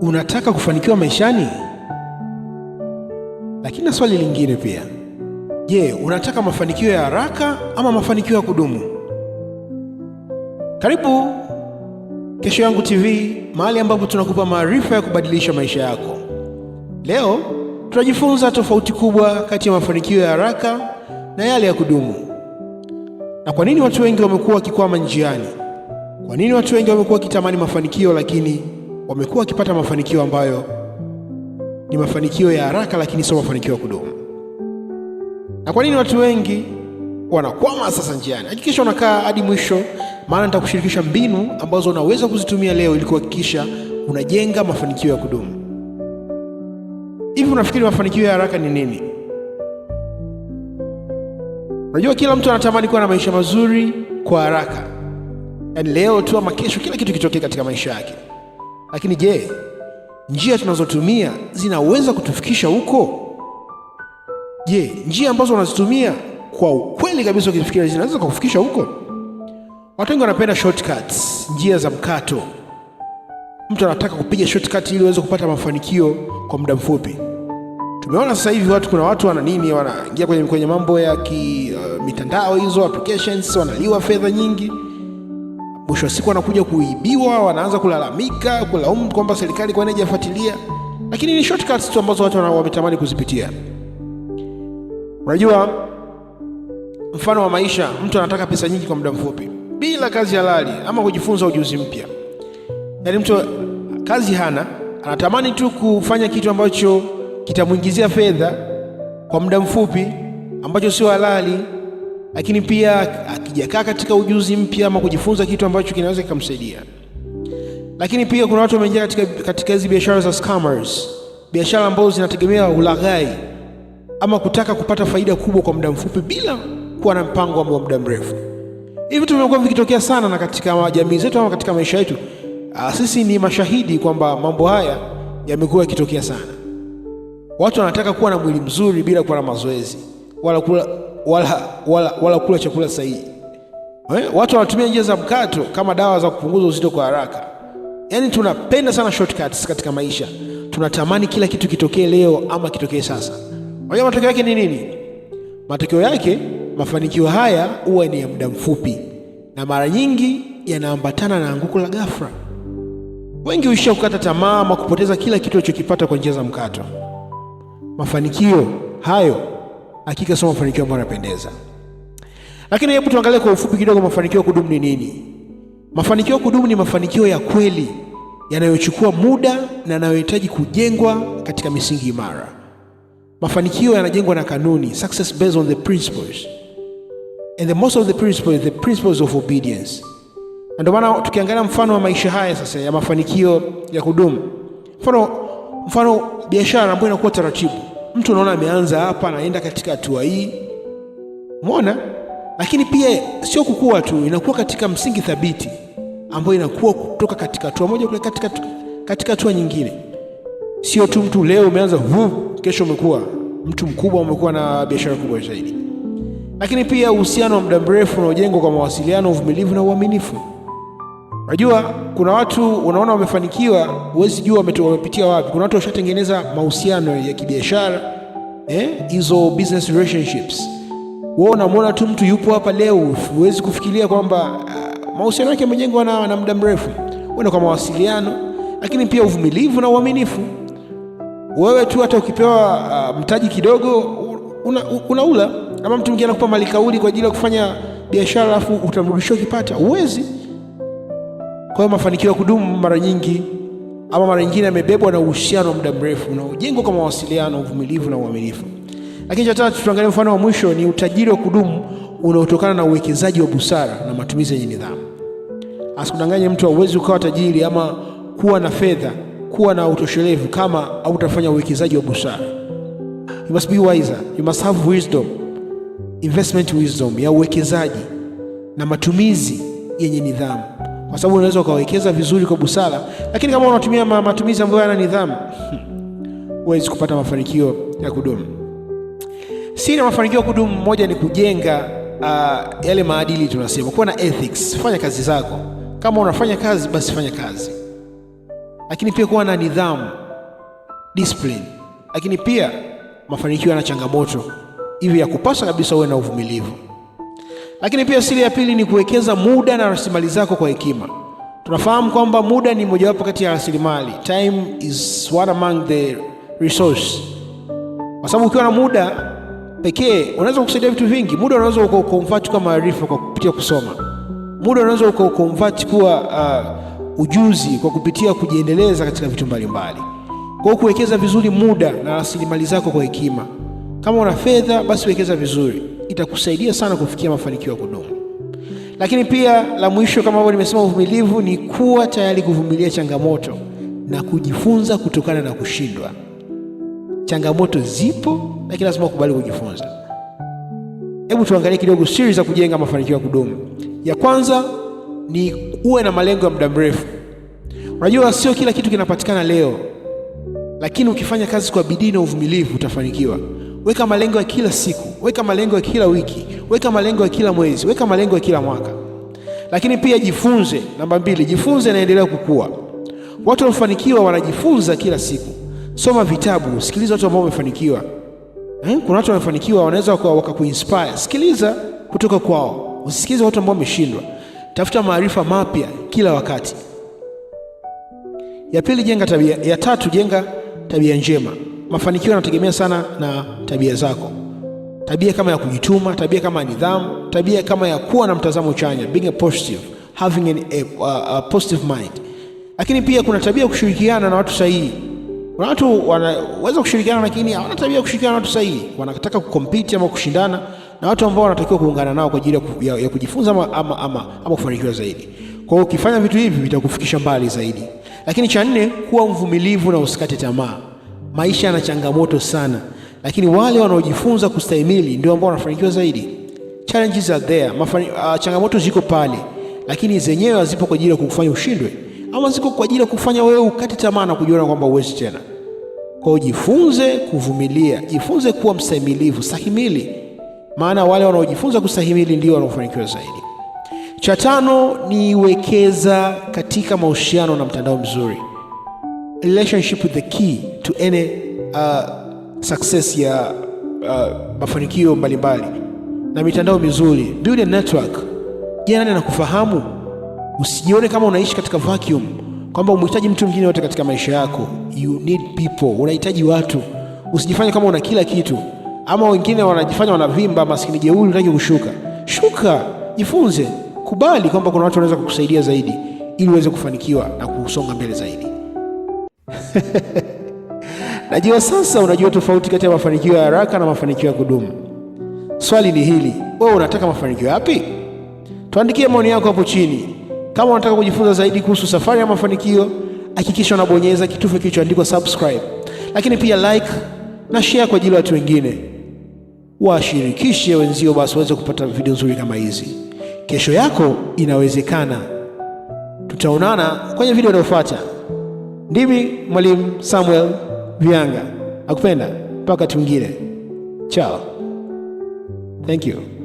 Unataka kufanikiwa maishani, lakini na swali lingine pia. Je, unataka mafanikio ya haraka ama mafanikio ya kudumu? Karibu Kesho Yangu TV, mahali ambapo tunakupa maarifa ya kubadilisha maisha yako. Leo tunajifunza tofauti kubwa kati ya mafanikio ya haraka na yale ya kudumu, na kwa nini watu wengi wamekuwa wakikwama njiani, kwa nini watu wengi wamekuwa wakitamani mafanikio lakini wamekuwa wakipata mafanikio ambayo ni mafanikio ya haraka, lakini sio mafanikio ya kudumu. Na kwa nini watu wengi wanakwama sasa njiani? Hakikisha unakaa hadi mwisho, maana nitakushirikisha mbinu ambazo unaweza kuzitumia leo ili kuhakikisha unajenga mafanikio ya kudumu. Hivi unafikiri mafanikio ya haraka ni nini? Unajua, kila mtu anatamani kuwa na maisha mazuri kwa haraka, yaani leo tu ama kesho, kila kitu kitokee katika maisha yake. Lakini je, njia tunazotumia zinaweza kutufikisha huko? Je, njia ambazo wanazitumia kwa ukweli kabisa ukifikiria zinaweza kukufikisha huko? Watu wengi wanapenda shortcuts, njia za mkato. Mtu anataka kupiga shortcut ili aweze kupata mafanikio kwa muda mfupi. Tumeona sasa hivi watu, kuna watu wana nini, wanaingia kwenye, kwenye mambo ya ki, uh, mitandao hizo applications, wanaliwa fedha nyingi mwisho wa siku wanakuja kuibiwa, wanaanza kulalamika, kulaumu kwamba serikali nini haijafuatilia, lakini ni shortcuts tu ambazo watu wametamani kuzipitia. Unajua, mfano wa maisha, mtu anataka pesa nyingi kwa muda mfupi bila kazi halali ama kujifunza ujuzi mpya. Yaani mtu kazi hana, anatamani tu kufanya kitu ambacho kitamwingizia fedha kwa muda mfupi, ambacho sio halali, lakini pia hajakaa katika ujuzi mpya ama kujifunza kitu ambacho kinaweza kikamsaidia. Lakini pia kuna watu wameingia katika katika hizi biashara za scammers, biashara ambazo zinategemea ulaghai ama kutaka kupata faida kubwa kwa muda mfupi bila kuwa na mpango wa muda mrefu. Hivi vitu vimekuwa vikitokea sana na katika jamii zetu ama katika maisha yetu. Ah, sisi ni mashahidi kwamba mambo haya yamekuwa yakitokea sana. Watu wanataka kuwa na mwili mzuri bila kuwa na mazoezi wala kula, wala, wala, wala kula chakula sahihi. Eh, watu wanatumia njia za mkato kama dawa za kupunguza uzito kwa haraka. Yaani tunapenda sana shortcuts katika maisha, tunatamani kila kitu kitokee leo ama kitokee sasa. Unajua matokeo yake ni nini? Matokeo yake mafanikio haya huwa ni ya muda mfupi, na mara nyingi yanaambatana na anguko la ghafla. Wengi huishia kukata tamaa ama kupoteza kila kitu alichokipata kwa njia za mkato. Mafanikio hayo hakika sio mafanikio ambayo yanapendeza. Lakini hebu tuangalie kwa ufupi kidogo, mafanikio ya kudumu ni nini? Mafanikio ya kudumu ni mafanikio ya kweli yanayochukua muda na yanayohitaji kujengwa katika misingi imara. Mafanikio yanajengwa na kanuni, success based on the principles and the most of the principles, the principles of obedience. Na ndio maana tukiangalia mfano wa maisha haya sasa ya mafanikio ya kudumu, mfano mfano biashara ambayo inakuwa taratibu, mtu unaona ameanza hapa, anaenda katika hatua hii, umeona lakini pia sio kukua tu, inakuwa katika msingi thabiti ambayo inakuwa kutoka katika hatua moja kule katika katika hatua nyingine. Sio tu mtu leo umeanza hu, kesho umekuwa mtu mkubwa, umekuwa na biashara kubwa zaidi. Lakini pia uhusiano wa muda mrefu unaojengwa kwa mawasiliano, uvumilivu na uaminifu. Unajua, kuna watu unaona wamefanikiwa, huwezi jua wamepitia wapi. Kuna watu washatengeneza mahusiano ya kibiashara eh, hizo, business relationships wewe unamwona tu mtu yupo hapa leo, huwezi kufikiria kwamba ah, mahusiano yake yamejengwa na, na muda mrefu. Uende kwa mawasiliano, lakini pia uvumilivu na uaminifu. Wewe tu hata ukipewa uh, mtaji kidogo unaula una ama mtu mwingine anakupa kauli kwa ajili ya kufanya biashara, alafu utamrudishia ukipata, uwezi. Kwa hiyo mafanikio ya kudumu mara nyingi ama mara nyingine yamebebwa na uhusiano wa muda mrefu unaojengwa kwa mawasiliano, uvumilivu na uaminifu. Lakini cha tatu, tuangalie mfano wa mwisho ni utajiri wa kudumu unaotokana na uwekezaji wa busara na matumizi yenye nidhamu. Asikudanganye mtu, hauwezi ukawa tajiri ama kuwa na fedha, kuwa na utoshelevu kama hautafanya uwekezaji wa busara. You must be wiser, you must have wisdom, investment wisdom ya uwekezaji na matumizi yenye nidhamu, kwa sababu unaweza ukawekeza vizuri kwa busara, lakini kama unatumia matumizi ambayo yana nidhamu, huwezi kupata mafanikio ya kudumu. Siri ya mafanikio kudumu, moja ni kujenga uh, yale maadili tunasema, kuwa na ethics. Fanya kazi zako, kama unafanya kazi basi fanya kazi, lakini pia kuwa na nidhamu, discipline. Lakini pia mafanikio yana changamoto, hivyo ya kupasa kabisa uwe na uvumilivu. Lakini pia siri ya pili ni kuwekeza muda na rasilimali zako kwa hekima. Tunafahamu kwamba muda ni mojawapo kati ya rasilimali, time is one among the resource, kwa sababu ukiwa na muda pekee unaweza kusaidia vitu vingi. Muda unaweza ukaconvert kuwa maarifa kwa kupitia kusoma. Muda unaweza ukaconvert kuwa uh, ujuzi kwa kupitia kujiendeleza katika vitu mbalimbali. Kwa hiyo kuwekeza vizuri muda na rasilimali zako kwa hekima. Kama una fedha, basi wekeza vizuri, itakusaidia sana kufikia mafanikio ya kudumu. Lakini pia la mwisho, kama ambavyo nimesema, uvumilivu ni kuwa tayari kuvumilia changamoto na kujifunza kutokana na kushindwa. Changamoto zipo lakini lazima ukubali kujifunza. Hebu tuangalie kidogo siri za kujenga mafanikio ya kudumu. Ya kwanza ni uwe na malengo ya muda mrefu. Unajua, sio kila kitu kinapatikana leo, lakini ukifanya kazi kwa bidii na uvumilivu utafanikiwa. Weka malengo ya kila siku, weka malengo ya kila wiki, weka malengo ya kila mwezi, weka malengo ya kila mwaka. Lakini pia jifunze. Namba mbili, jifunze na endelea kukua. Watu waliofanikiwa wanajifunza kila siku. Soma vitabu, sikiliza watu ambao wamefanikiwa eh, kuna watu wamefanikiwa, wanaweza wakakuinspire. Sikiliza kutoka kwao, usisikize watu ambao wameshindwa. Tafuta maarifa mapya kila wakati. Ya pili, jenga tabia. Ya tatu, jenga tabia njema. Mafanikio yanategemea sana na tabia zako, tabia kama ya kujituma, tabia kama ya nidhamu, tabia kama ya kuwa na mtazamo chanya, being a positive, having an, a, a, a positive mind. Lakini pia kuna tabia ya kushirikiana na watu sahihi. Kuna watu wanaweza kushirikiana, lakini hawana tabia ya kushirikiana na watu sahihi. Wanataka kukompiti ama kushindana na watu ambao wanatakiwa kuungana nao kwa ajili ya, ya kujifunza ama, ama, ama, ama kufanikiwa zaidi. Kwa hiyo ukifanya vitu hivi vitakufikisha mbali zaidi. Lakini cha nne, kuwa mvumilivu na usikate tamaa. Maisha yana changamoto sana, lakini wale wanaojifunza kustahimili ndio ambao wanafanikiwa zaidi. Challenges are there, mafani, uh, changamoto ziko pale, lakini zenyewe hazipo kwa ajili ya kukufanya ushindwe ama ziko kwa ajili ya kufanya wewe ukate tamaa na kujiona kwamba uwezi tena. Kwa hiyo jifunze kuvumilia, jifunze kuwa mstahimilivu, stahimili, maana wale wanaojifunza kustahimili ndio wanaofanikiwa zaidi. Cha tano ni wekeza katika mahusiano na mtandao mzuri, relationship with the key to any uh, success ya uh, mafanikio mbalimbali na mitandao mizuri, build a network. Je, nani anakufahamu? Usijione kama unaishi katika vacuum, kwamba umhitaji mtu mwingine yote katika maisha yako. You need people, unahitaji watu. Usijifanye kama una kila kitu, ama wengine wanajifanya wanavimba, maskini jeuri, unataka kushuka. Shuka, jifunze, kubali kwamba kuna watu wanaweza kukusaidia zaidi, ili uweze kufanikiwa na kusonga mbele zaidi. Najua sasa unajua tofauti kati ya mafanikio ya haraka na mafanikio ya kudumu. Swali ni hili, wewe unataka mafanikio yapi? Tuandikie maoni yako hapo chini. Kama unataka kujifunza zaidi kuhusu safari ya mafanikio, hakikisha unabonyeza kitufe kilichoandikwa subscribe, lakini pia like na share kwa ajili ya watu wengine. Washirikishe wenzio basi waweze kupata video nzuri kama hizi. Kesho yako inawezekana. Tutaonana kwenye video inayofuata. Ndimi Mwalimu Samuel Vianga, nakupenda mpaka wakati mwingine. Chao, thank you.